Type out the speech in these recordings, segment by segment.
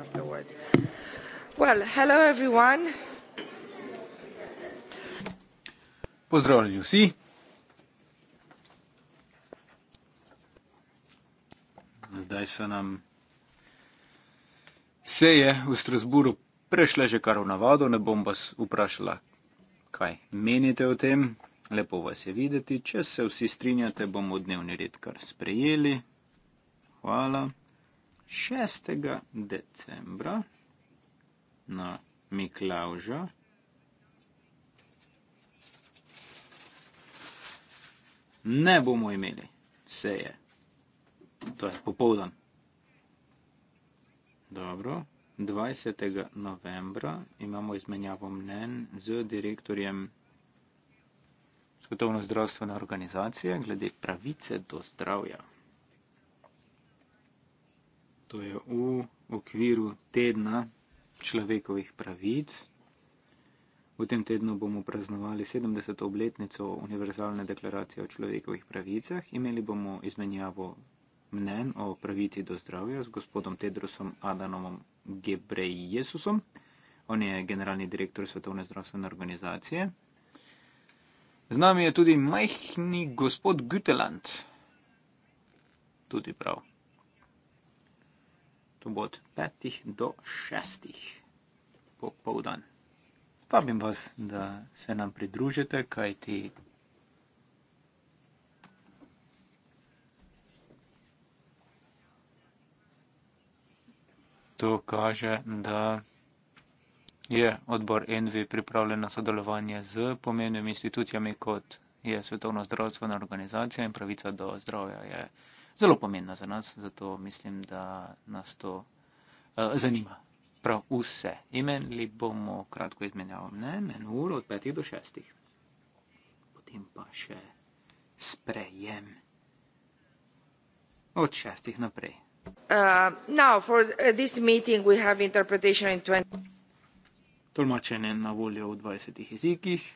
afterwards. Well, hello everyone. Pozdravljeni vsi. Zdaj so nam seje v Strasburu prešle že kar v navado, ne bom vas vprašala, kaj menite o tem. Lepo vas je videti. Če se vsi strinjate, bomo dnevni red kar sprejeli. Hvala. 6. decembra na Miklauža. Ne bomo imeli seje. To je popoldan. Dobro. 20. novembra imamo izmenjavo mnen z direktorjem Svetovno zdravstvene organizacije glede pravice do zdravja to je v okviru tedna človekovih pravic. V tem tednu bomo praznovali 70. obletnico Univerzalne deklaracije o človekovih pravicah. Imeli bomo izmenjavo mnen o pravici do zdravja z gospodom Tedrosom Adanomom Gebrej Jesusom. On je generalni direktor Svetovne zdravstvene organizacije. Z nami je tudi majhni gospod Güteland. Tudi prav to bo od 5 do 6 popoldan. Vabim vas, da se nam pridružite, kajti to kaže, da je odbor Envi pripravljen na sodelovanje z pomembnimi institucijami, kot je Svetovna zdravstvena organizacija in pravica do zdravja je zelo pomembna za nas, zato mislim, da nas to uh, zanima. Prav vse. Imeli bomo kratko izmenjavo mnen, en uro od petih do šestih. Potem pa še sprejem od šestih naprej. Uh, now for uh, this meeting we have interpretation in 20. Tolmačenje na voljo v 20 jezikih.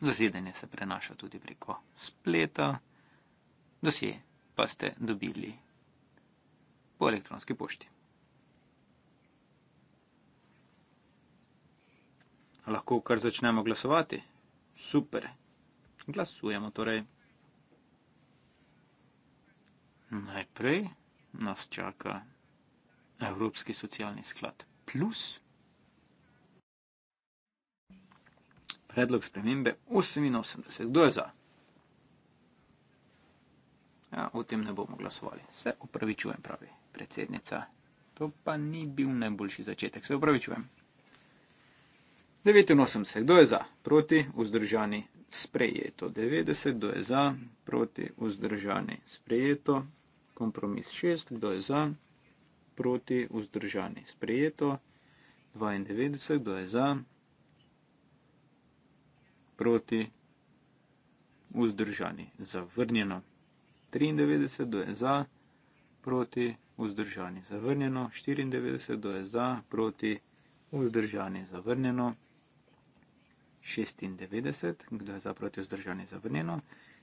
Zasedanje se prenaša tudi preko spleta. Dosje pa ste dobili po elektronski pošti. Lahko kar začnemo glasovati? Super. Glasujemo torej. Najprej nas čaka Evropski socialni sklad plus. Predlog spremembe 88. Kdo je za? ja, o tem ne bomo glasovali. Se upravičujem, pravi predsednica. To pa ni bil najboljši začetek, se upravičujem. 89. Kdo je za? Proti, vzdržani, sprejeto. 90. Kdo je za? Proti, vzdržani, sprejeto. Kompromis 6. Kdo je za? Proti, vzdržani, sprejeto. 92. Kdo je za? Proti, vzdržani, zavrnjeno. 93 do je za, proti vzdržani zavrnjeno, 94 do je za, proti vzdržani zavrnjeno, 96, kdo je za, proti vzdržani zavrnjeno,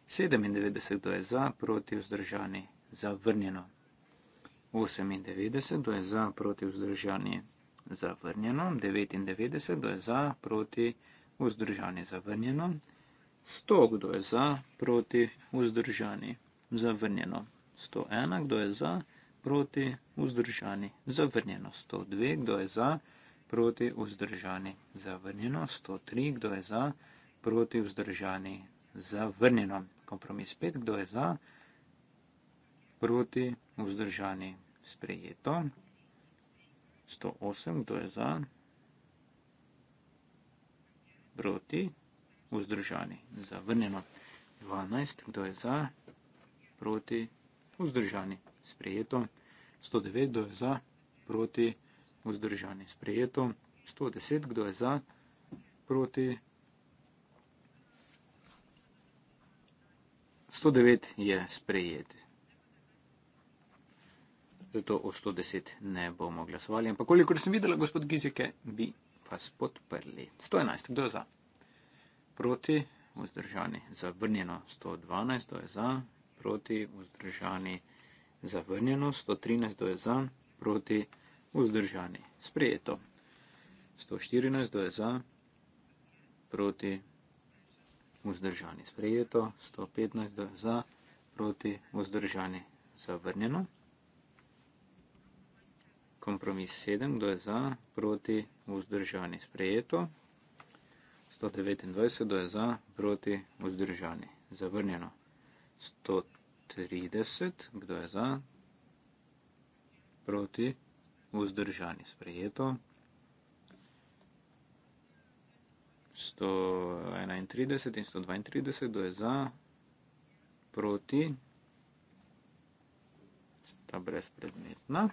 97, kdo je za, proti vzdržani zavrnjeno, 98, kdo je za, proti vzdržani zavrnjeno, 99, kdo je za, proti vzdržani zavrnjeno, 100, kdo je za, proti vzdržani zavrnjeno zavrnjeno 101, kdo je za, proti, vzdržani, zavrnjeno 102, kdo je za, proti, vzdržani, zavrnjeno 103, kdo je za, proti, vzdržani, zavrnjeno. Kompromis 5, kdo je za, proti, vzdržani, sprejeto 108, kdo je za, proti, vzdržani, zavrnjeno 12, kdo je za, proti, vzdržani, zavrnjeno proti, vzdržani, sprejeto. 109, kdo je za, proti, vzdržani, sprejeto. 110, kdo je za, proti. 109 je sprejet. Zato o 110 ne bomo glasovali, ampak koliko sem videla, gospod Gizike, bi vas podprli. 111, kdo je za? Proti, vzdržani, zavrnjeno 112, kdo je za, proti, vzdržani zavrnjeno, 113 je za, proti, vzdržani sprejeto, 114 je za, proti, vzdržani sprejeto, 115 je za, proti, vzdržani zavrnjeno, kompromis 7, kdo je za, proti, vzdržani sprejeto, 129 je za, proti, vzdržani zavrnjeno. 30. Kdo je za? Proti? Vzdržani sprejeto. 131 in 132, kdo je za, proti, sta brezpredmetna.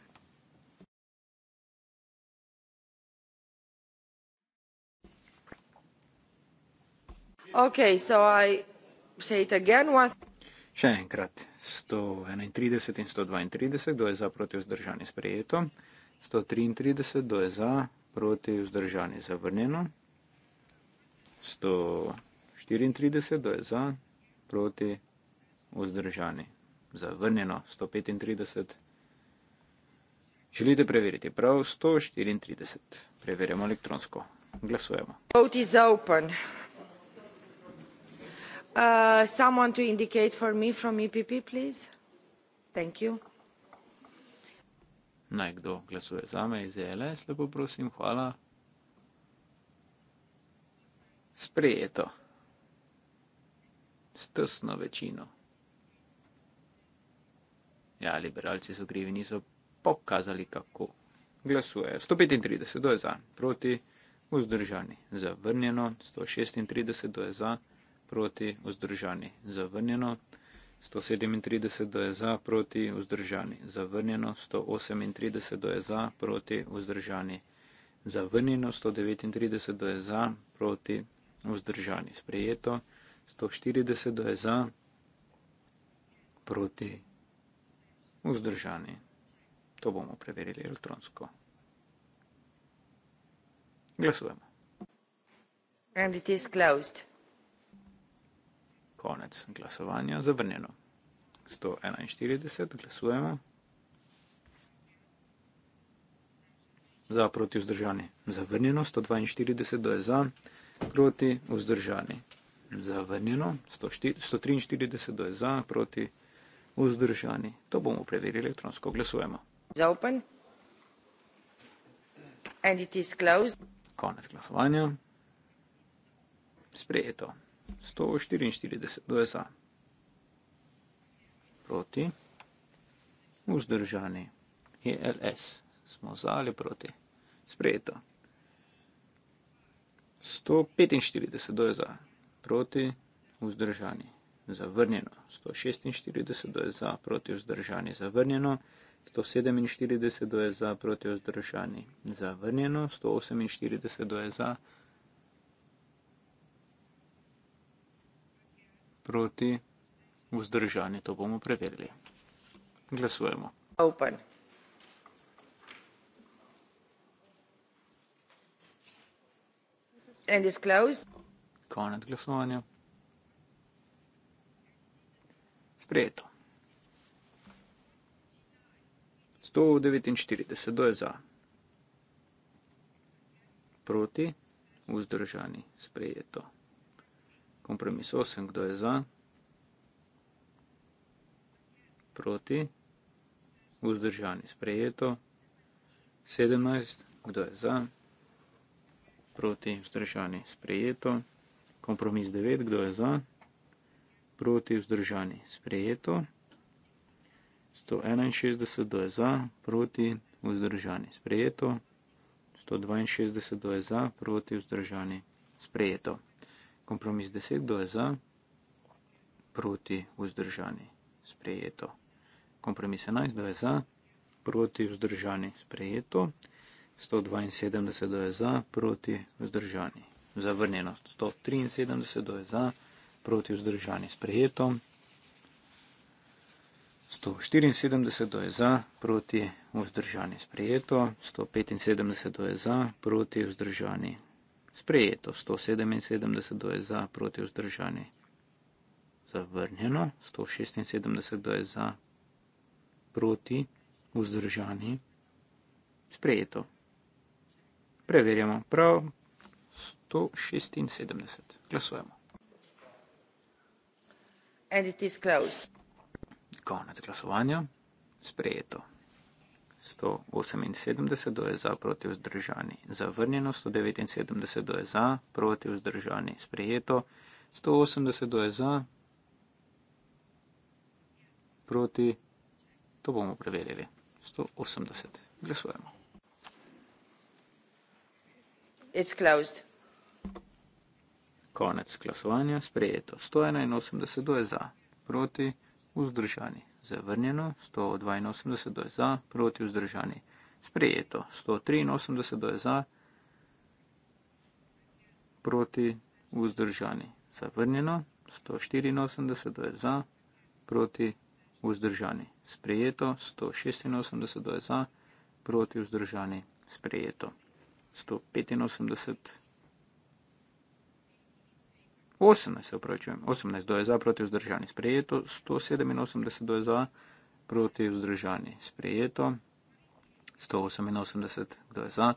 Ok, so I say it again once. Še enkrat, 131 in 132, kdo je za proti vzdržani sprejeto, 133, kdo je za proti vzdržani zavrnjeno, 134, kdo je za proti vzdržani zavrnjeno, 135. Želite preveriti prav 134. Preverjamo elektronsko. Glasujemo. Vote is open. Uh, someone to indicate for me from EPP, please. Thank you. Naj kdo glasuje za me iz ELS, lepo prosim, hvala. Sprejeto. S tesno večino. Ja, liberalci so krivi, niso pokazali, kako glasujejo. 135 do je za, proti, vzdržani, zavrnjeno, 136 do je za proti, vzdržani, zavrnjeno. 137 do je za, proti, vzdržani, zavrnjeno. 138 do je za, proti, vzdržani, zavrnjeno. 139 do je za, proti, vzdržani, sprejeto. 140 do je za, proti, vzdržani. To bomo preverili elektronsko. Glasujemo. And it is closed konec glasovanja, zavrnjeno. 141 glasujemo. Za proti vzdržani zavrnjeno, 142 do je za, proti vzdržani zavrnjeno, 143 do je za, proti vzdržani. To bomo preverili elektronsko, glasujemo. Za open. And it is closed. Konec glasovanja. Sprejeto. 144 do SA. Proti. Vzdržani. ELS. Smo za ali proti. Sprejeto. 145 do SA. Proti. Vzdržani. Zavrnjeno. 146 do SA. Proti. Vzdržani. Zavrnjeno. 147 do SA. Proti. Vzdržani. Zavrnjeno. 148 do SA. Proti. proti vzdržanju. To bomo preverili. Glasujemo. Open. And is closed. Konec glasovanja. Sprejeto. 149, kdo je za? Proti, vzdržani, sprejeto kompromis 8, kdo je za, proti, vzdržani sprejeto, 17, kdo je za, proti, vzdržani sprejeto, kompromis 9, kdo je za, proti, vzdržani sprejeto, 161, kdo je za, proti, vzdržani sprejeto, 162, kdo je za, proti, vzdržani sprejeto kompromis 10, kdo je za, proti vzdržani, sprejeto. Kompromis 11, kdo je za, proti vzdržani, sprejeto. 172, kdo je za, proti vzdržani, zavrnjeno. 173, kdo je za, proti vzdržani, sprejeto. 174 do je za, proti vzdržani sprejeto, 175 do je za, proti vzdržani sprejeto. 177 je za proti vzdržanje zavrnjeno, 176 je za proti vzdržanje sprejeto. Preverjamo prav 176. Glasujemo. And it is closed. Konec glasovanja. Sprejeto. 178 do je za, proti vzdržani zavrnjeno, 179 do je za, proti vzdržani sprejeto, 180 do je za, proti, to bomo preverili, 180. Glasujemo. Konec glasovanja, sprejeto, 181 do je za, proti, vzdržani, zavrnjeno, 182 je za, proti vzdržani, sprejeto, 183 je za, proti vzdržani, zavrnjeno, 184 je za, proti vzdržani, sprejeto, 186 je za, proti vzdržani, sprejeto, 185 je za, 18, se upravičujem, 18 do je za, proti vzdržani sprejeto, 187 do je za, proti vzdržani sprejeto, 188 do je za,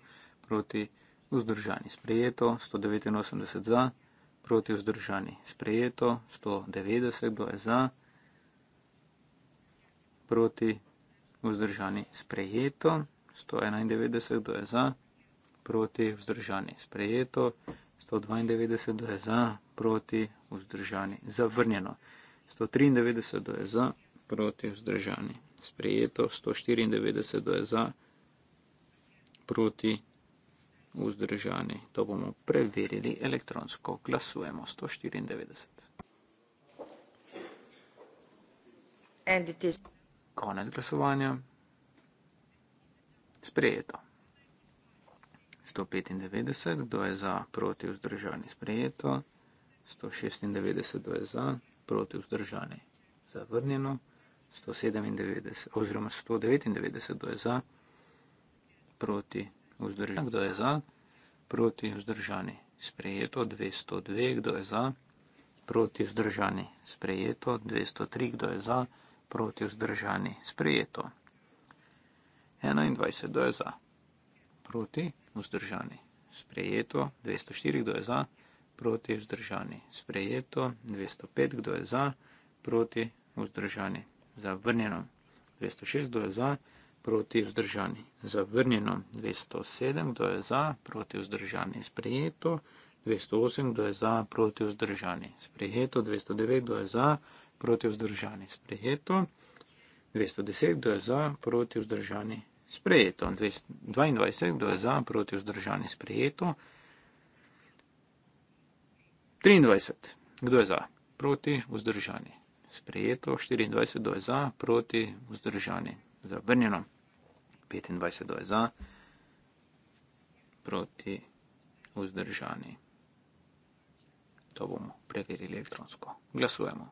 proti vzdržani sprejeto, 189 za, proti vzdržani sprejeto, 190 do je za, proti vzdržani sprejeto, 191 do je za, proti vzdržani sprejeto, 192 do je za, proti vzdržani zavrnjeno. 193 do je za, proti vzdržani sprejeto, 194 do je za, proti vzdržani. To bomo preverili elektronsko, glasujemo 194. Konec glasovanja. Sprejeto. 195, kdo je za proti vzdržani sprejeto. 196 za, proti vzdržani, zavrnjeno, 197 oziroma 199 za, proti vzdržani, kdo je za, proti vzdržani, sprejeto, 202, kdo je za, proti vzdržani, sprejeto, 203, kdo je za, proti vzdržani, sprejeto, 21, kdo je za, proti vzdržani, sprejeto, 204, kdo je za, proti vzdržani, sprejeto, 204, kdo je za, proti vzdržani. Sprejeto 205, kdo je za, proti vzdržani. Zavrnjeno 206, kdo je za, proti vzdržani. Zavrnjeno 207, kdo je za, proti vzdržani. Sprejeto 208, kdo je za, proti vzdržani. Sprejeto 209, kdo je za, proti vzdržani. Sprejeto 210, kdo je za, proti vzdržani. Sprejeto 22, kdo je za, proti vzdržani. Sprejeto 22, kdo je za, proti vzdržani. 23. Kdo je za? Proti, vzdržani. Sprejeto 24, kdo je za? Proti, vzdržani. Zavrnjeno 25, kdo je za? Proti, vzdržani. To bomo preverili elektronsko. Glasujemo.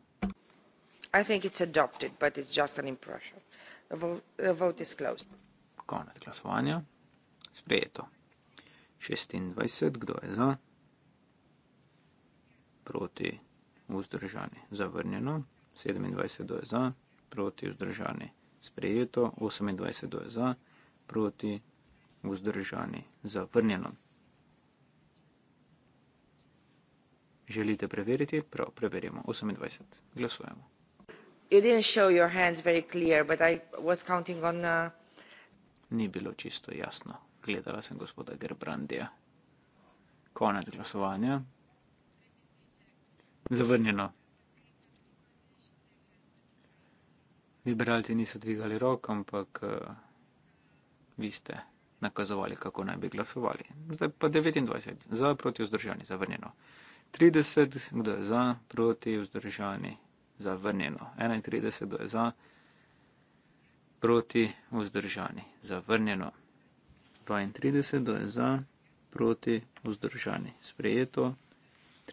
Mislim, da je to adoptirano, ampak je to samo en impresion. Vote je zaključen. Konec glasovanja. Sprejeto. 26, kdo je za? proti vzdržani zavrnjeno, 27 do je za, proti vzdržani sprejeto, 28 do je za, proti vzdržani zavrnjeno. Želite preveriti? Prav, preverimo. 28. Glasujemo. You didn't show your hands very clear, but I was counting on... Uh... Ni bilo čisto jasno. Gledala sem gospoda Gerbrandija. Konec glasovanja zavrnjeno. Liberalci niso dvigali rok, ampak uh, vi ste nakazovali, kako naj bi glasovali. Zdaj pa 29, za, proti, vzdržani, zavrnjeno. 30, kdo je za, proti, vzdržani, zavrnjeno. 31, kdo je za, proti, vzdržani, zavrnjeno. 32, kdo je za, proti, vzdržani, sprejeto.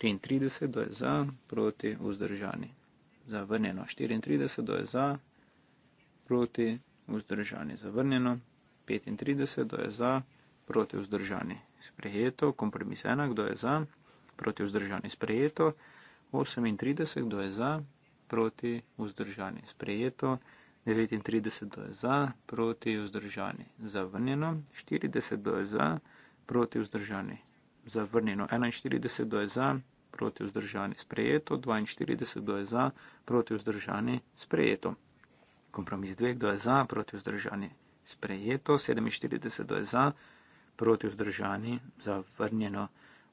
34, kdo je za, proti, vzdržani. Zavrnjeno. 34, kdo je za, proti, vzdržani. Zavrnjeno. 35, kdo je za, proti, vzdržani. Sprejeto. Kompromis 1, kdo je za, proti, vzdržani. Sprejeto. 38, kdo je za, proti, vzdržani. Sprejeto. 39, kdo je za, proti, vzdržani. Zavrnjeno. 40, kdo je za, proti, vzdržani. Zavrnjeno 41 do je za, proti vzdržani sprejeto, 42, kdo je za, proti vzdržani sprejeto. Kompromis 2, kdo je za, proti vzdržani sprejeto, 47, kdo je za, proti vzdržani zavrnjeno,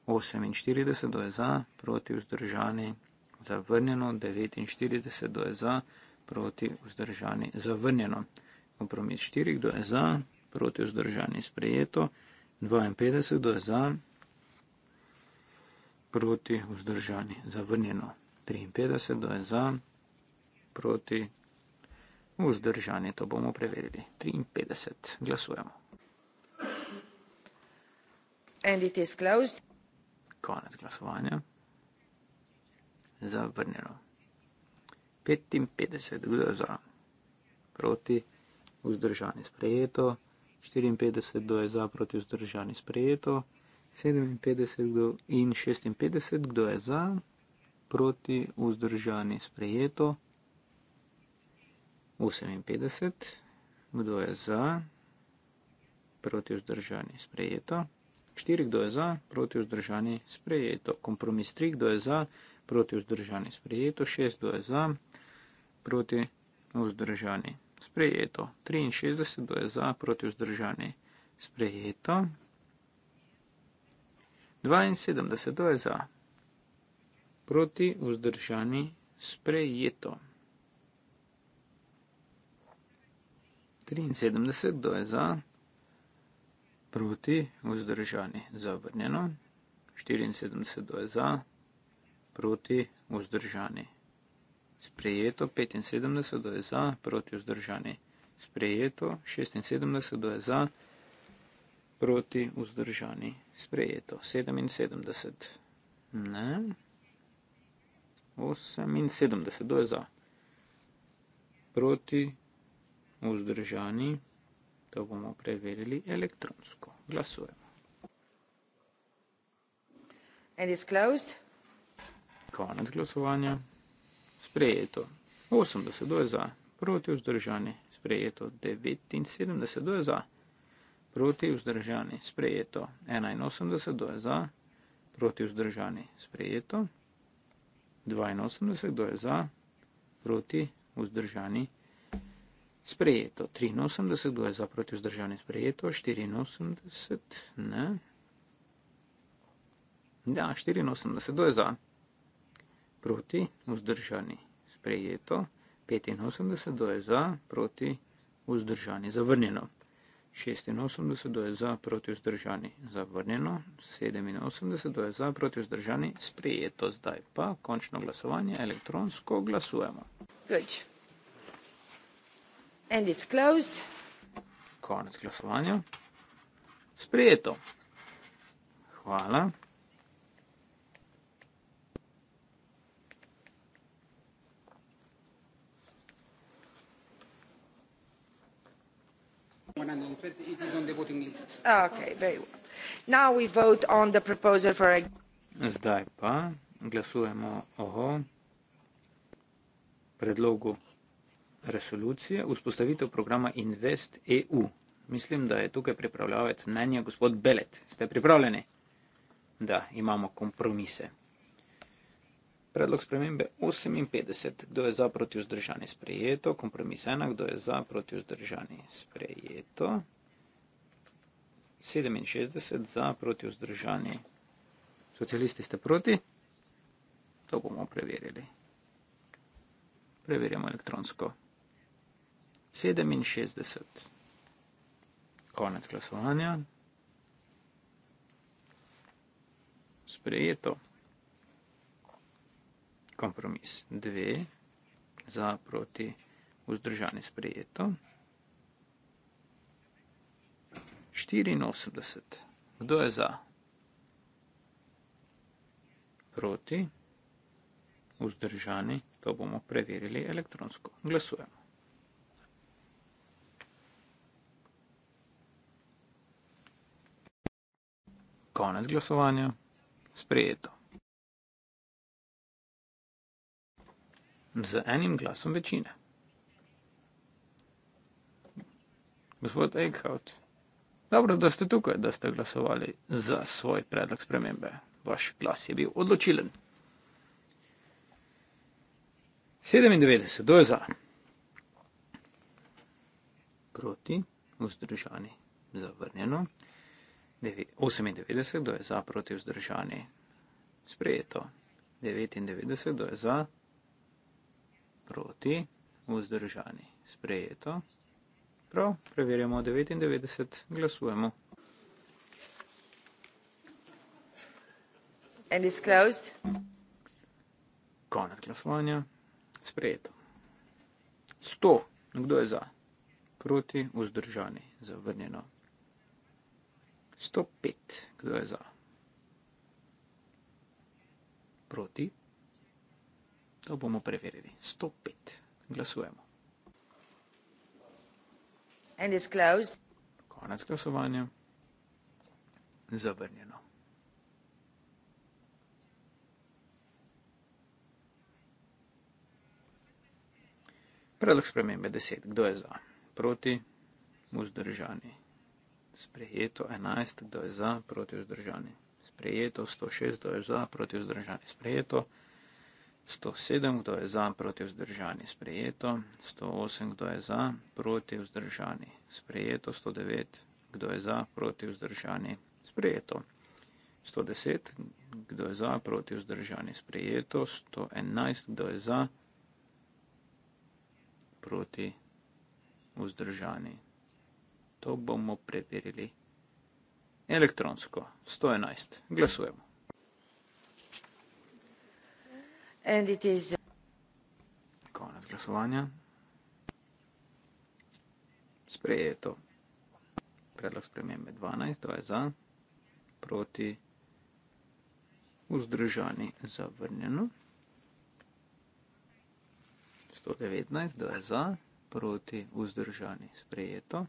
48, kdo je za, proti vzdržani zavrnjeno, 49, kdo je za, proti vzdržani zavrnjeno. Kompromis 4, kdo je za, proti vzdržani sprejeto, 52, kdo je za, proti, vzdržani, zavrnjeno. 53, kdo je za, proti, vzdržani, to bomo preverili. 53, glasujemo. And it is closed. Konec glasovanja. Zavrnjeno. 55, kdo je za, proti, vzdržani, sprejeto. 54, kdo je za, proti, vzdržani, sprejeto. 53. 57 in 56, kdo je za, proti, vzdržani, sprejeto. 58, kdo je za, proti, vzdržani, sprejeto. 4, kdo je za, proti, vzdržani, sprejeto. Kompromis 3, kdo je za, proti, vzdržani, sprejeto. 6, kdo je za, proti, vzdržani, sprejeto. 63, kdo je za, proti, vzdržani, sprejeto. 72, to je za. Proti vzdržani sprejeto. 73, to je za. Proti vzdržani zavrnjeno. 74, to je za. Proti vzdržani sprejeto. 75, to je za. Proti vzdržani sprejeto. 76, to je za. Proti vzdržani sprejeto proti vzdržani sprejeto. 77. Ne. 78. Kdo je za? Proti vzdržani. To bomo preverili elektronsko. Glasujemo. And it's closed. Konec glasovanja. Sprejeto. 80. Kdo je za? Proti vzdržani. Sprejeto. 79. Kdo je za? proti vzdržani sprejeto. 81, kdo je za, proti vzdržani sprejeto. 82, kdo je za, proti vzdržani sprejeto. 83, kdo je za, proti vzdržani sprejeto. 84, ne. Da, 84, kdo je za, proti vzdržani sprejeto. 85, kdo je za, proti vzdržani zavrnjeno. 86 do je za proti vzdržani zavrnjeno, 87 do je za proti vzdržani sprejeto. Zdaj pa končno glasovanje elektronsko glasujemo. Good. And it's closed. Konec glasovanja. Sprejeto. Hvala. amendment, but it is on the voting list. Okay, very well. Now we vote on the proposal for a... Zdaj pa glasujemo o predlogu resolucije vzpostavitev programa Invest EU. Mislim, da je tukaj pripravljavec mnenja gospod Belet. Ste pripravljeni? Da, imamo kompromise. Predlog spremembe 58. Kdo je za proti vzdržani sprejeto? Kompromis 1. Kdo je za proti vzdržani sprejeto? 67. Za proti vzdržani. Socialisti ste proti? To bomo preverili. Preverjamo elektronsko. 67. Konec glasovanja. Sprejeto kompromis. Dve za proti vzdržani sprejeto. 84. Kdo je za? Proti vzdržani. To bomo preverili elektronsko. Glasujemo. Konec glasovanja. Sprejeto. z enim glasom večine. Gospod Eichhout, dobro, da ste tukaj, da ste glasovali za svoj predlog spremembe. Vaš glas je bil odločilen. 97, kdo je za? Proti, vzdržani, zavrnjeno. 98, kdo je za, proti, vzdržani, sprejeto. 99, kdo je za, proti, vzdržani, sprejeto. Prav, preverjamo 99, glasujemo. And it's closed. Konec glasovanja, sprejeto. 100, kdo je za, proti, vzdržani, zavrnjeno. 105, kdo je za, proti, To bomo preverili. 105. Glasujemo. Konec glasovanja. Zavrnjeno. Predlog spremembe 10. Kdo je za? Proti? Vzdržani. Sprejeto 11. Kdo je za? Proti? Vzdržani. Sprejeto 106. Kdo je za? Proti? Vzdržani. Sprejeto 11. 107, kdo je za, proti vzdržani, sprejeto. 108, kdo je za, proti vzdržani, sprejeto. 109, kdo je za, proti vzdržani, sprejeto. 110, kdo je za, proti vzdržani, sprejeto. 111, kdo je za, proti vzdržani. To bomo preverili elektronsko. 111, glasujemo. Konec glasovanja. Sprejeto. Predlog spremembe 12, 2 je za, proti, vzdržani, zavrnjeno. 119, 2 je za, proti, vzdržani, sprejeto.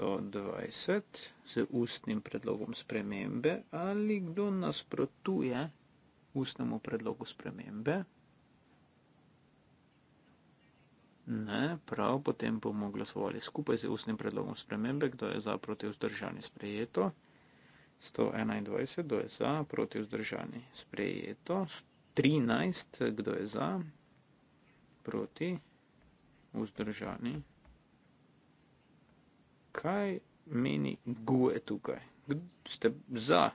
120 z ustnim predlogom spremembe ali kdo nasprotuje ustnemu predlogu spremembe. Ne, prav, potem bomo glasovali skupaj z ustnim predlogom spremembe, kdo je za proti vzdržani sprejeto. 121, kdo je za proti vzdržani sprejeto. 13, kdo je za proti vzdržani sprejeto kaj meni guje tukaj? Ste za?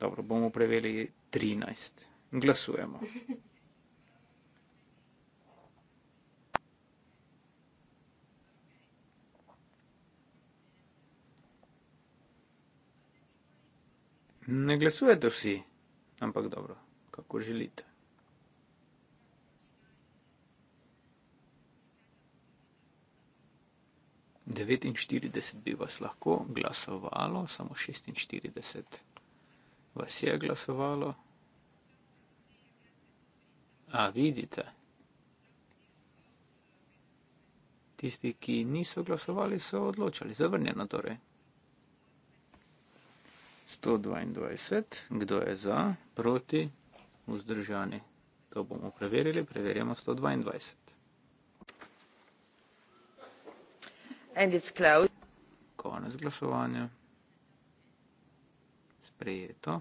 Dobro, bomo preveli 13. Glasujemo. Ne glasujete vsi, ampak dobro, kako želite. 49 bi vas lahko glasovalo, samo 46 vas je glasovalo. A vidite, tisti, ki niso glasovali, so odločali, zavrnjeno torej. 122, kdo je za, proti, vzdržani. To bomo preverili, preverjamo 122. Konec glasovanja. Sprejeto.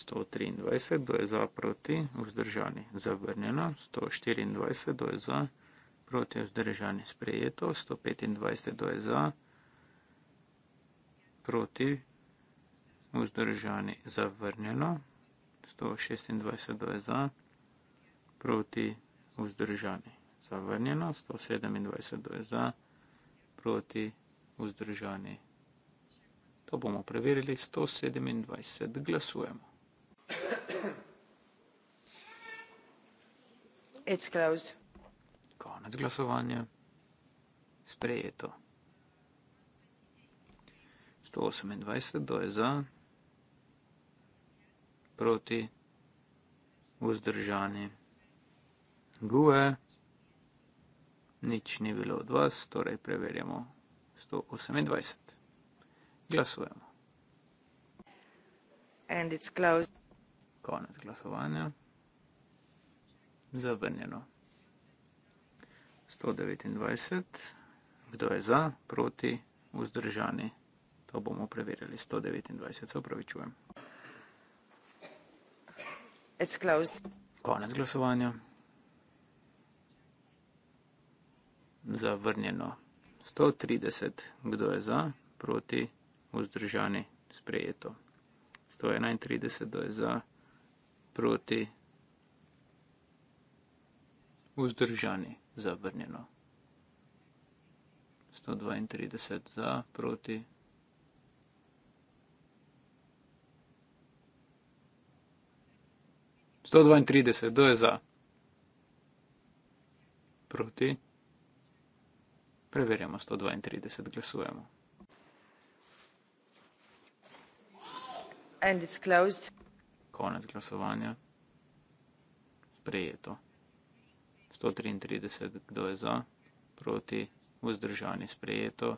123, kdo je za, proti, vzdržani, zavrnjeno. 124, kdo je za, proti, vzdržani, sprejeto. 125, kdo je za, proti, vzdržani, zavrnjeno. 126, kdo je za, proti, vzdržani, sprejeto vzdržani. Zavrnjeno 127 je za, proti vzdržani. To bomo preverili. 127 glasujemo. Konec glasovanja. Sprejeto. 128 do je za, proti vzdržanim. GUE. Nič ni bilo od vas, torej preverjamo 128. Glasujemo. And it's closed. Konec glasovanja. Zavrnjeno. 129. Kdo je za, proti, vzdržani? To bomo preverili. 129. Se upravičujem. It's closed. Konec glasovanja. zavrnjeno. 130, kdo je za, proti, vzdržani, sprejeto. 131, kdo je za, proti, vzdržani, zavrnjeno. 132 za, proti. Sto dvaintrideset, kdo je za? Proti. Preverjamo 132, glasujemo. And it's closed. Konec glasovanja. Sprejeto. 133, kdo je za, proti, vzdržani, sprejeto.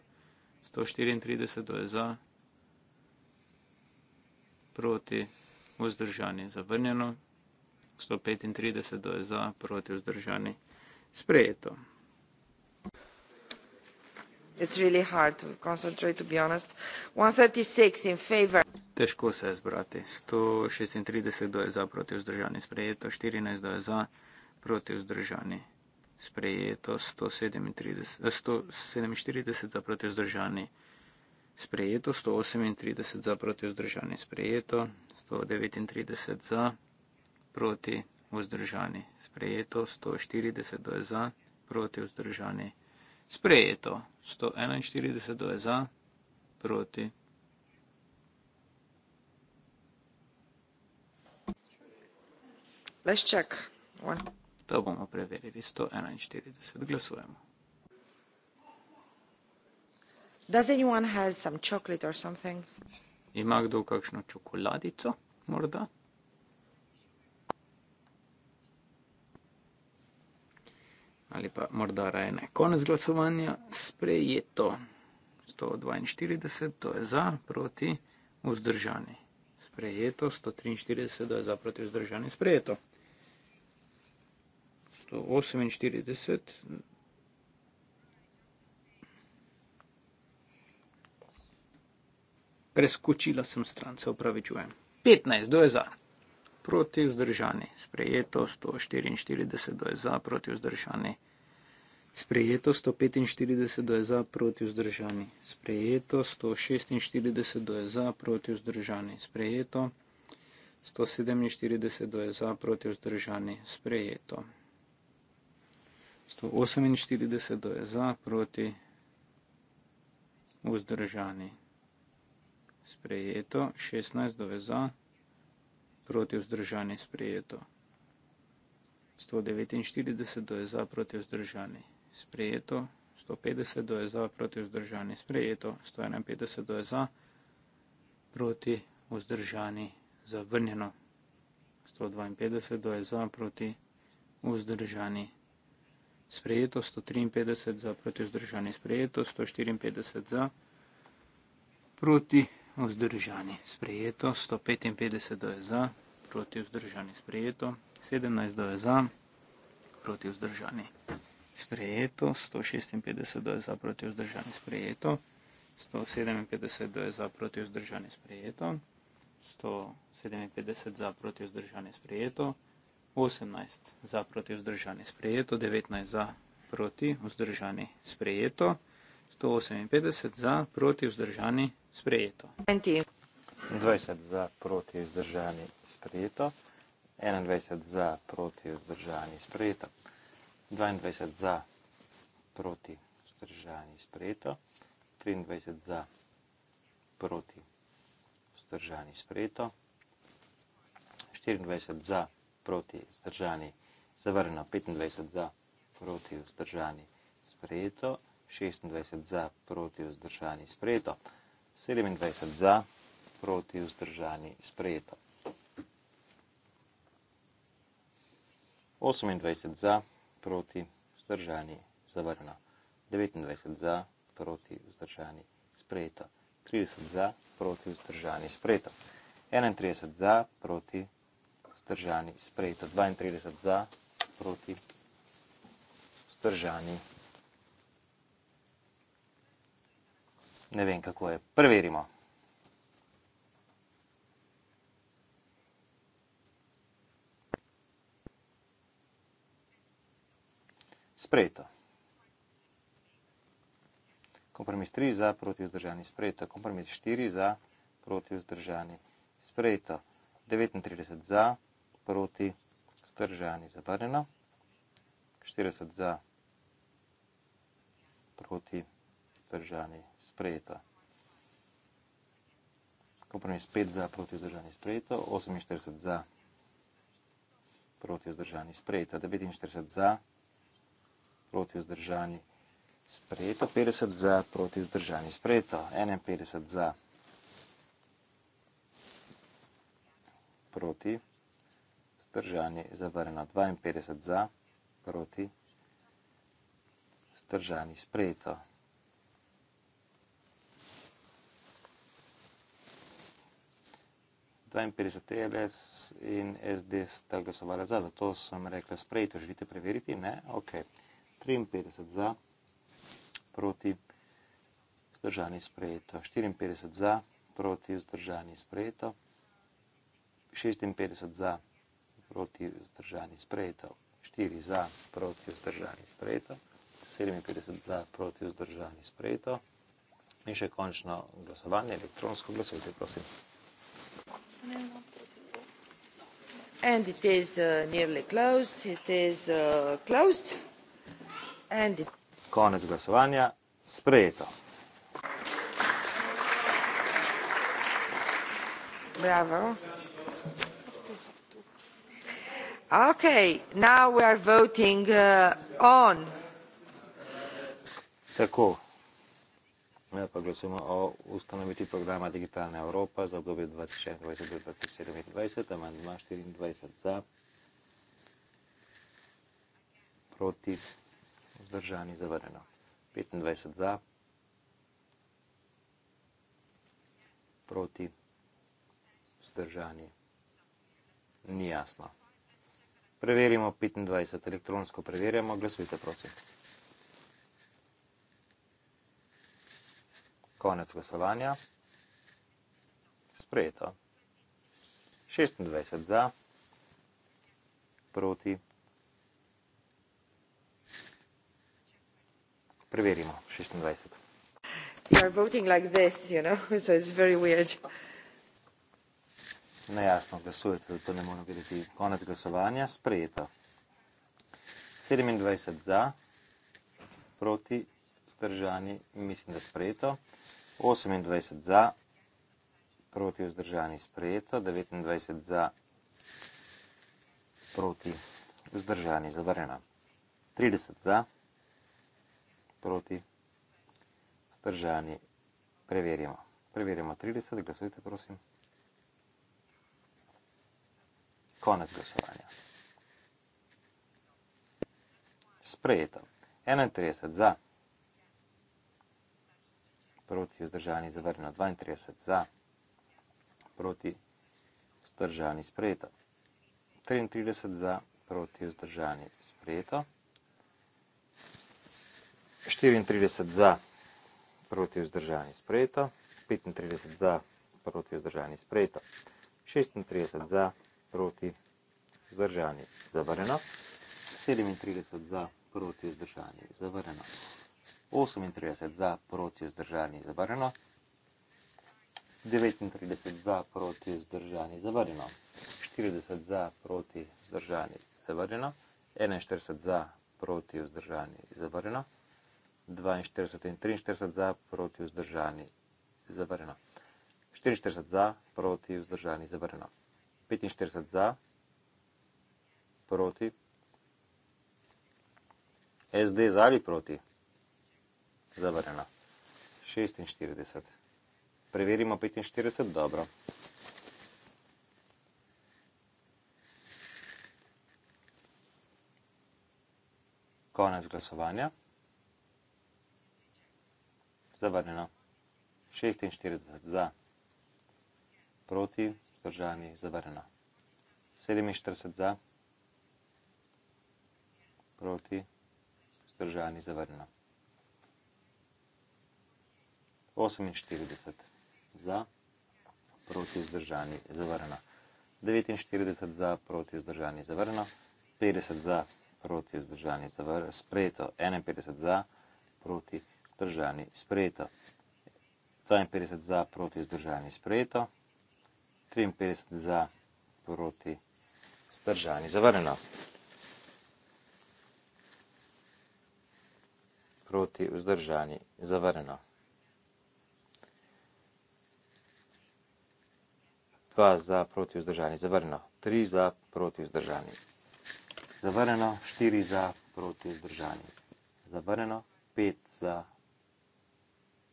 134, kdo je za, proti, vzdržani, zavrnjeno. 135, kdo je za, proti, vzdržani, sprejeto. It's really hard to concentrate, to be honest. 136 in favor. Težko se je zbrati. 136 do je za proti vzdržani sprejeto, 14 do je za proti vzdržani sprejeto, 137, 147 eh, za proti vzdržani sprejeto, 138 za proti vzdržani sprejeto, 139 za proti vzdržani sprejeto, 140 do je za proti vzdržani sprejeto sprejeto. 141 je za, proti. Let's check. One. To bomo preverili. 141 glasujemo. Does anyone has some chocolate or something? Ima kdo kakšno čokoladico, morda? ali pa morda raje ne. Konec glasovanja, sprejeto. 142, to je za, proti, vzdržani. Sprejeto, 143, to je za, proti, vzdržani. Sprejeto. 148, preskočila sem stran, se upravičujem. 15, do je za proti vzdržani, sprejeto 144 do je za proti vzdržani, sprejeto 145 do je za proti vzdržani, sprejeto 146 do je za proti vzdržani, sprejeto 147 do je za proti vzdržani, sprejeto 148 do je za proti vzdržani, sprejeto 16 do je za proti vzdržani, proti vzdržani sprejeto. 149 do je za proti vzdržani sprejeto, 150 do je za proti vzdržani sprejeto, 151 do je za proti vzdržani zavrnjeno, 152 do je za proti vzdržani sprejeto, 153 za proti vzdržani sprejeto, 154 za proti vzdržani sprejeto vzdržani, sprejeto, 155 do je za, proti vzdržani, sprejeto, 17 do je za, proti vzdržani, sprejeto, 156 do je za, proti vzdržani, sprejeto, 157 do je za, proti vzdržani, sprejeto, 157 za, proti vzdržani, sprejeto, 18 za, proti vzdržani, sprejeto, 19 za, proti vzdržani, sprejeto, 158 za, proti vzdržani, sprejeto, sprejeto. 20 za proti vzdržani sprejeto, 21 za proti vzdržani sprejeto, 22 za proti vzdržani sprejeto, 23 za proti vzdržani sprejeto, 24 za proti vzdržani zavrnjeno, 25 za proti vzdržani sprejeto, 26 za proti vzdržani sprejeto, 27 za, proti vzdržani sprejeto. 28 za, proti vzdržani zavrno. 29 za, proti vzdržani sprejeto. 30 za, proti vzdržani sprejeto. 31 za, proti vzdržani sprejeto. 32 za, proti vzdržani sprejeto. ne vem, kako je. Preverimo. Sprejeto. Kompromis 3 za proti vzdržani sprejeto. Kompromis 4 za proti vzdržani sprejeto. 39 za proti vzdržani zavrneno. 40 za proti vzdržani zdržani sprejeta. Kompromis 5 za, proti zdržani sprejeto, 48 za, proti zdržani sprejeto, 49 za, proti zdržani sprejeto, 50 za, proti zdržani sprejeto, 51 za, proti zdržani zavarjeno, 52 za, proti zdržani sprejeto. 52 e LS in SD sta glasovala za, zato sem rekla sprejeto, želite preveriti, ne, ok, 53 za, proti, vzdržani sprejeto, 54 za, proti, vzdržani sprejeto, 56 za, proti, vzdržani sprejeto, 4 za, proti, vzdržani sprejeto, 57 za, proti, vzdržani sprejeto in še končno glasovanje, elektronsko glasovite, prosim. And it is uh, nearly closed. It is uh, closed. And it... Konec glasovanja. Sprejeto. Bravo. Okay, now we are voting uh, on. Tako. Ja, pa glasujemo o ustanoviti programa Digitalna Evropa za obdobje 2021-2027, amandma 24 za, proti, vzdržani, zavrneno, 25 za, proti, vzdržani, ni jasno. Preverimo 25, elektronsko preverjamo, glasujte prosim. Konec glasovanja. Sprejeto. 26 za, proti. Preverimo. 26. You are voting like this, you know, so it's very weird. Nejasno glasujete, zato ne morem videti. Konec glasovanja. Sprejeto. 27 za, proti, stržani, mislim, da sprejeto. 28 za, proti vzdržani sprejeto, 29 za, proti vzdržani zavarjena. 30 za, proti vzdržani preverjamo. Preverjamo 30, glasujte prosim. Konec glasovanja. Sprejeto. 31 za proti vzdržani zavrnjeno, 32 za, proti vzdržani sprejeto, 33 za, proti vzdržani sprejeto, 34 za, proti vzdržani sprejeto, 35 za, proti vzdržani sprejeto, 36 za, proti vzdržani zavrnjeno, 37 za, proti vzdržani zavrnjeno. 38 za proti vzdržani zavrjeno. 39 za proti vzdržani zavrjeno. 40 za proti vzdržani zavrjeno. 41 za proti vzdržani zavrjeno. 42 in 43 za proti vzdržani zavrjeno. 44 za proti vzdržani zavrjeno. 45 za proti. SD za ali proti? zavrnjeno. 46. Preverimo 45, dobro. Konec glasovanja. Zavrnjeno. 46 za. Proti, zdržani, zavrnjeno. 47 za. Proti, zdržani, zavrnjeno. 48 za, proti vzdržani, zavrna. 49 za, proti vzdržani, zavrna. 50 za, proti vzdržani, zavrna. Sprejeto. 51 za, proti vzdržani, sprejeto. 52 za, proti vzdržani, sprejeto. 53 za, proti vzdržani, zavrna. Proti vzdržani, zavrna. 2 za proti vzdržani, zavrno. 3 za proti vzdržani, zavrno. 4 za proti vzdržani, zavrno. 5 za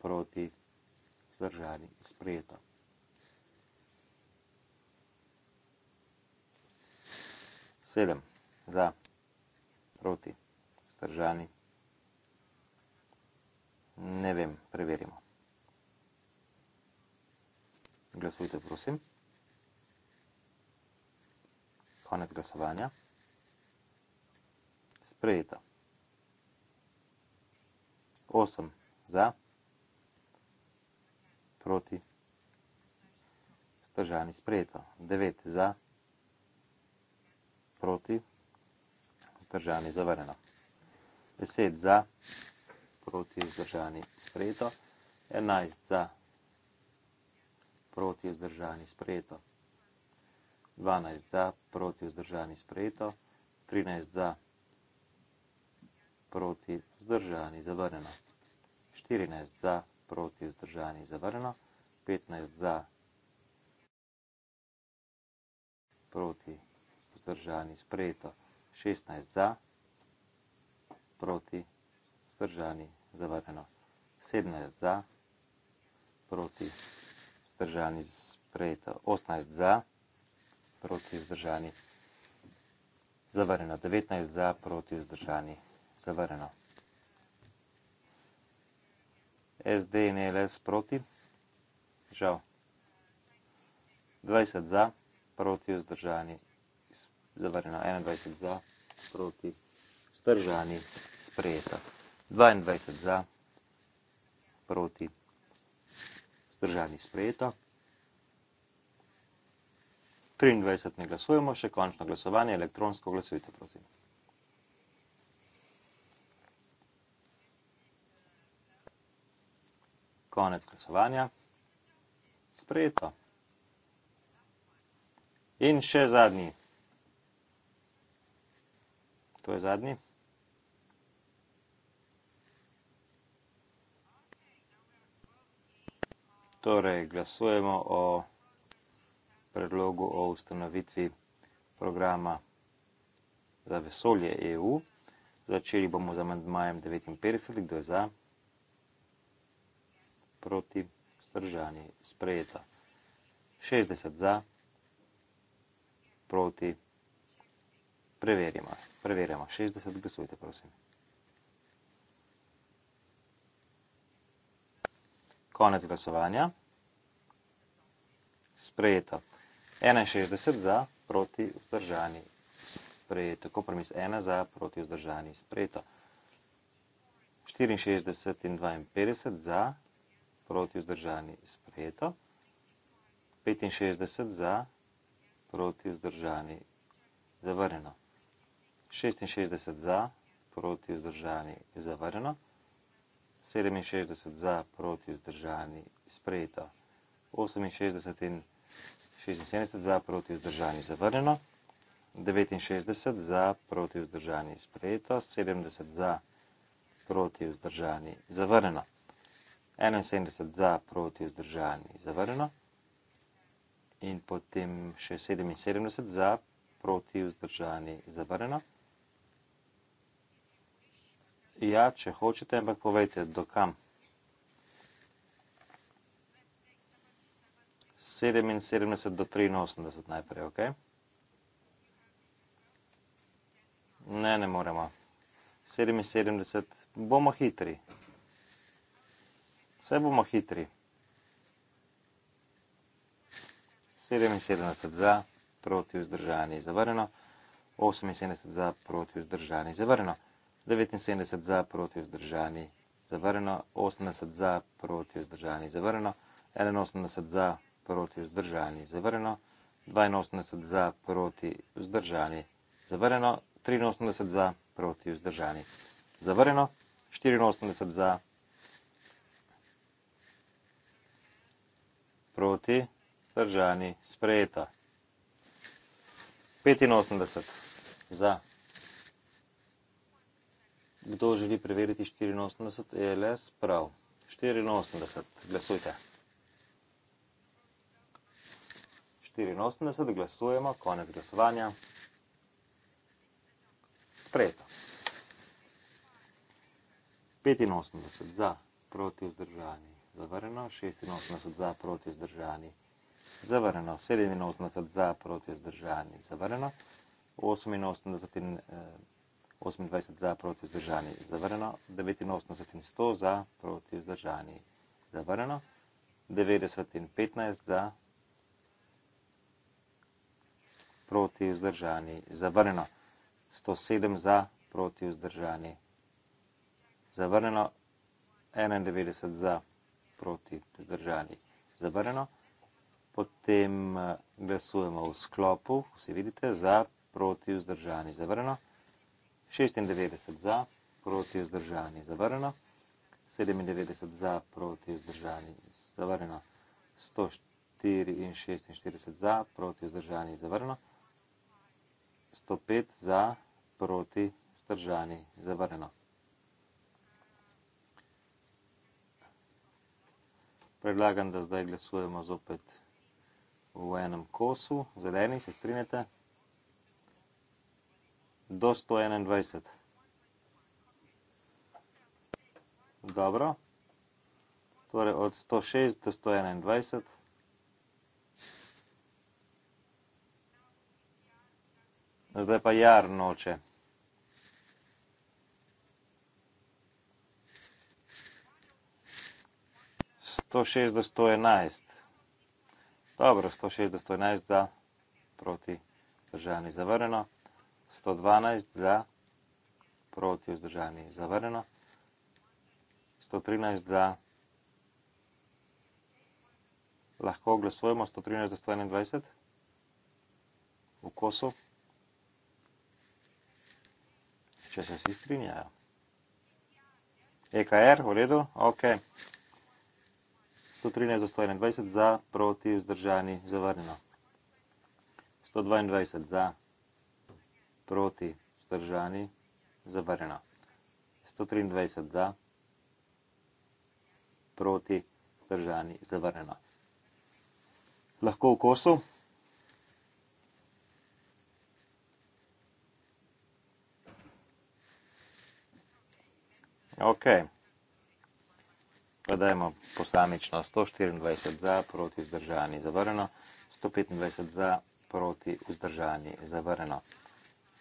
proti vzdržani, sprejeto. Sedem za proti vzdržani. Ne vem, preverimo. Glasujte, prosim. Konec glasovanja. Sprejeto. 8 za, proti, vzdržani. Sprejeto. 9 za, proti, vzdržani. Zavrjeno. 10 za, proti, vzdržani. Sprejeto. 11 za, proti, vzdržani. Sprejeto. 12 za, proti vzdržani sprejeto, 13 za, proti vzdržani zavrneno, 14 za, proti vzdržani zavrneno, 15 za, proti vzdržani sprejeto, 16 za, proti vzdržani zavrneno, 17 za, proti vzdržani sprejeto, 18 za, proti vzdržani zavrneno, proti vzdržani, zavrjeno. 19 za, proti vzdržani, zavrjeno. SD in LS proti, žal. 20 za, proti vzdržani, zavrjeno. 21 za, proti vzdržani, sprejeto. 22 za, proti vzdržani, sprejeto. 23 ne glasujemo, še končno glasovanje, elektronsko glasujte, prosim. Konec glasovanja. Sprejeto. In še zadnji. To je zadnji. Torej, glasujemo o predlogu o ustanovitvi programa za vesolje EU. Začeli bomo z amandmajem 59, kdo je za, proti, stržani, sprejeta. 60 za, proti, preverimo. Preverjamo, 60, glasujte, prosim. Konec glasovanja. Sprejeto. 61 za, proti vzdržani sprejeto. Kompromis 1 za, proti vzdržani sprejeto. 64 in 52 za, proti vzdržani sprejeto. 65 za, proti vzdržani zavrjeno. 66 za, proti vzdržani zavrjeno. 67 za, proti vzdržani sprejeto. 68 in 76 za proti vzdržani zavrneno, 69 za proti vzdržani sprejeto, 70 za proti vzdržani zavrneno, 71 za proti vzdržani zavrneno in potem še 77 za proti vzdržani zavrneno. Ja, če hočete, ampak povejte, dokam. kam. 77 do 83 najprej, ok? Ne, ne moremo. 77, bomo hitri. Vse bomo hitri. 77 za, proti vzdržani, zavrneno. 78 za, proti vzdržani, zavrneno. 79 za, proti vzdržani, zavrneno. 80 za, proti vzdržani, zavrneno. 81 za, proti vzdržani, zavrneno proti vzdržani, zavrnjeno, 82 za proti vzdržani, zavrnjeno, 83 za proti vzdržani, zavrnjeno, 84 za proti vzdržani, sprejeto, 85 za. Kdo želi preveriti 84 ELS? Prav. 84. Glasujte. 84, glasujemo, konec glasovanja. Sprejeto. 85 za, proti vzdržani, zavrjeno. 86 za, proti vzdržani, zavrjeno. 87 za, proti vzdržani, zavrjeno. 88 in 28 eh, za, proti vzdržani, zavrjeno. 89 in 100 za, proti vzdržani, zavrjeno. 90 in 15 za, proti vzdržani, zavrneno. 107 za, proti vzdržani, zavrneno. 91 za, proti vzdržani, zavrneno. Potem eh, glasujemo v sklopu, vsi vidite, za, proti vzdržani, zavrneno. 96 za, proti vzdržani, zavrneno. 97 za, proti vzdržani, zavrneno. 104 in 46 za, proti vzdržani, zavrneno. 105 za, proti, vzdržani, zavrneno. Predlagam, da zdaj glasujemo zopet v enem kosu, zeleni, se strinjate, do 121. Dobro, torej od 106 do 121. Zdaj pa jar noče. Sto šest do sto enajst. Dobro, sto šest do sto enajst za proti vzdržani zavrneno. Sto dvanajst za proti vzdržani zavrneno. Sto trinajst za lahko oglasujemo sto trinajst do sto enajst v kosu. če se vsi strinjajo. EKR, er, v redu, ok. 113 za 121 za, proti, vzdržani, zavrnjeno. 122 za, proti, vzdržani, zavrnjeno. 123 za, proti, vzdržani, zavrnjeno. Lahko v kosu. Ok. Pa dajmo posamično 124 za, proti vzdržani zavrneno, 125 za, proti vzdržani zavrneno.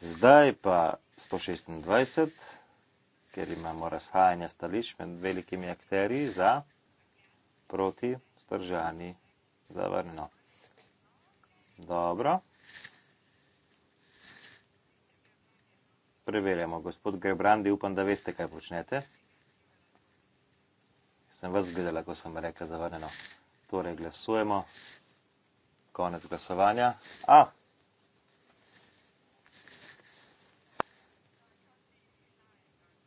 Zdaj pa 126, ker imamo razhajanje stališč med velikimi akteri za, proti vzdržani zavrneno. Dobro. preverjamo. Gospod Gebrandi, upam, da veste, kaj počnete. Sem vas gledala, ko sem rekla zavrneno. Torej, glasujemo. Konec glasovanja. A.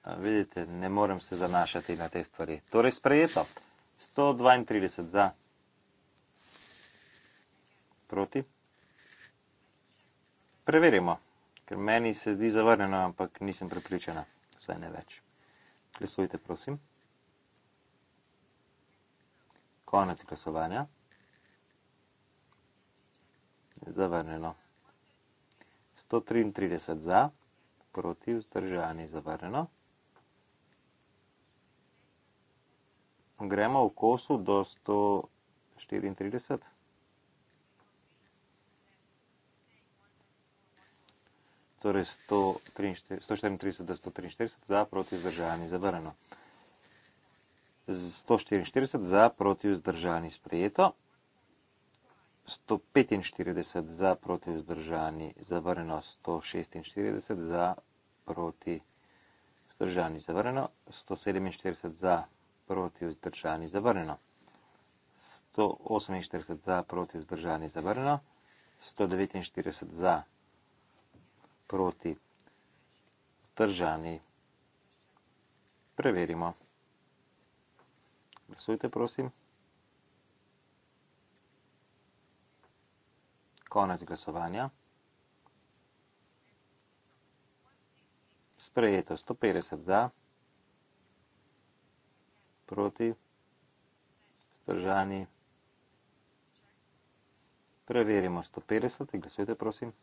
A, vidite, ne morem se zanašati na te stvari. Torej, sprejeto. 132 za. Proti. Preverimo ker meni se zdi zavrnjeno, ampak nisem prepričana, vse ne več. Glasujte, prosim. Konec glasovanja. Zavrnjeno. 133 za, proti vzdržani zavrnjeno. Gremo v kosu do 134. torej 143 do 143 za, proti vzdržani, zavrnjeno. 144 za, proti vzdržani, sprejeto. 145 za, proti vzdržani, zavrnjeno. 146 za, proti vzdržani, zavrnjeno. 147 za, proti vzdržani, zavrnjeno. 148 za, proti vzdržani, zavrnjeno. 149 za, proti vzdržani, zavrnjeno. 149 za, proti zdržani. Preverimo. Glasujte, prosim. Konec glasovanja. Sprejeto 150 za, proti, stržani. Preverimo 150, glasujte prosim.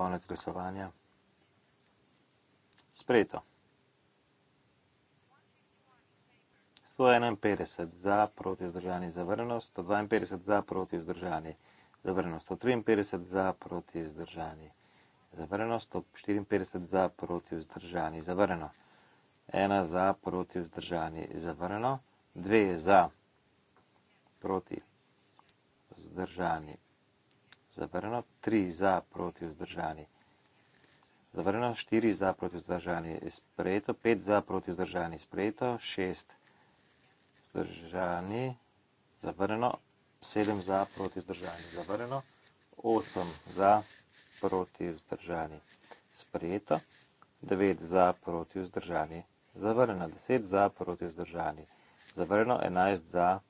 konec glasovanja. Sprejeto. 151 za proti vzdržani zavrnjeno, 152 za proti vzdržani zavrnjeno, 153 za proti vzdržani zavrnjeno, 154 za proti vzdržani zavrnjeno, 1 za proti vzdržani zavrnjeno, 2 za proti vzdržani zavrnjeno, zavrnjeno, tri za proti vzdržani. Zavrnjeno, štiri za proti vzdržani je sprejeto, pet za proti vzdržani je sprejeto, šest vzdržani, zavrnjeno, sedem za proti vzdržani je zavrnjeno, osem za proti vzdržani je sprejeto, devet za proti vzdržani je zavrnjeno, deset za proti vzdržani je zavrnjeno, enajst za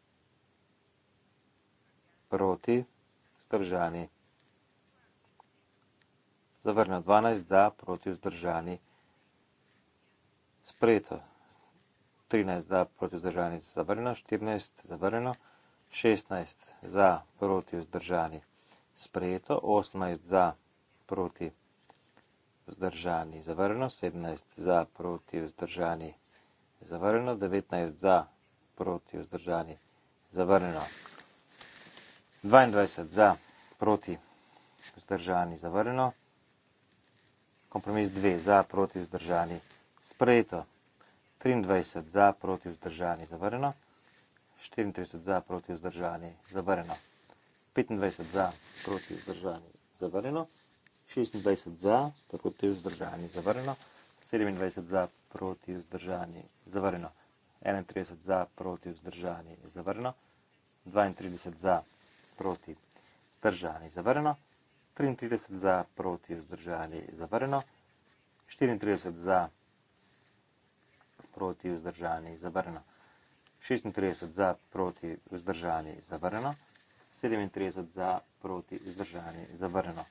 proti vzdržani vzdržani. Zavrna 12 za, proti vzdržani. Sprejeto. 13 za, proti vzdržani, zavrno. 14 zavrno. 16 za, proti vzdržani. Sprejeto. 18 za, proti vzdržani, zavrno. 17 za, proti vzdržani, zavrno. 19 za, proti vzdržani, zavrno. 22 za, proti, vzdržani, zavrljeno. Kompromis 2 za, proti, vzdržani, sprejeto. 23 za, proti, vzdržani, zavrljeno. 34 za, proti, vzdržani, zavrljeno. 25 za, proti, vzdržani, zavrljeno. 26 za, proti, vzdržani, zavrljeno. 27 za, proti, vzdržani, zavrljeno. 31 za, proti, vzdržani, zavrljeno. 32 za, proti, vzdržani, zavrljeno proti, vzdržani, zavrno, 33 za proti, vzdržani, zavrno, 34 za proti, vzdržani, zavrno, 36 za proti, vzdržani, zavrno, 37 za proti, vzdržani, zavrno, 38 za proti, vzdržani, zavrno,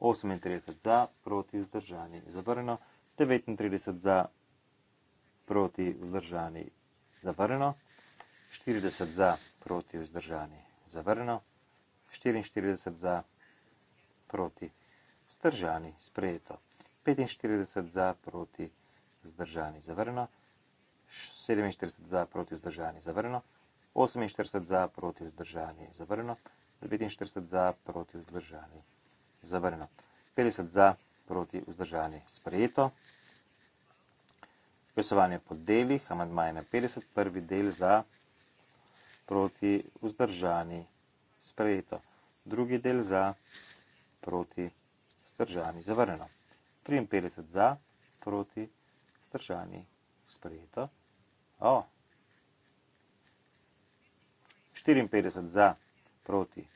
39 za proti, vzdržani, zavrno, 40 za proti, vzdržani, zavrno, 44 za, proti, vzdržani, sprejeto. 45 za, proti, vzdržani, zavrno. 47 za, proti, vzdržani, zavrno. 48 za, proti, vzdržani, zavrno. 49 za, proti, vzdržani, zavrno. 50 za, proti, vzdržani, sprejeto. Glasovanje po delih, amandmaje na 51 del za, proti, vzdržani, zavrno sprejeto. Drugi del za, proti, stržani, zavrneno. 53 za, proti, stržani, sprejeto. O. 54 za, proti,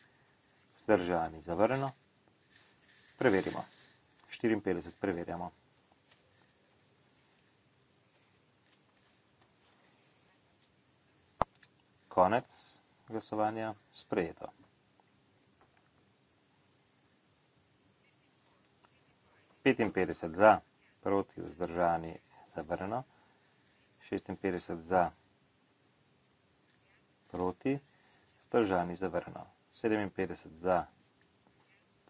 stržani, zavrneno. Preverimo. 54 preverjamo. Konec glasovanja sprejeto. 55 za, proti, vzdržani, zavrno. 56 za, proti, vzdržani, zavrno. 57 za,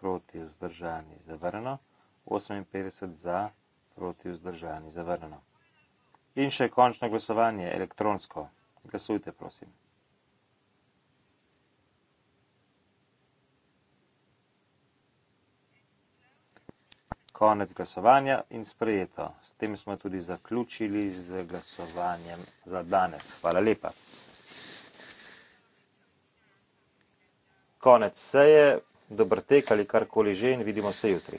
proti, vzdržani, zavrno. 58 za, proti, vzdržani, zavrno. In še končno glasovanje, elektronsko. Glasujte, prosim. konec glasovanja in sprejeto. S tem smo tudi zaključili z glasovanjem za danes. Hvala lepa. Konec seje, dobr tek ali karkoli že in vidimo se jutri.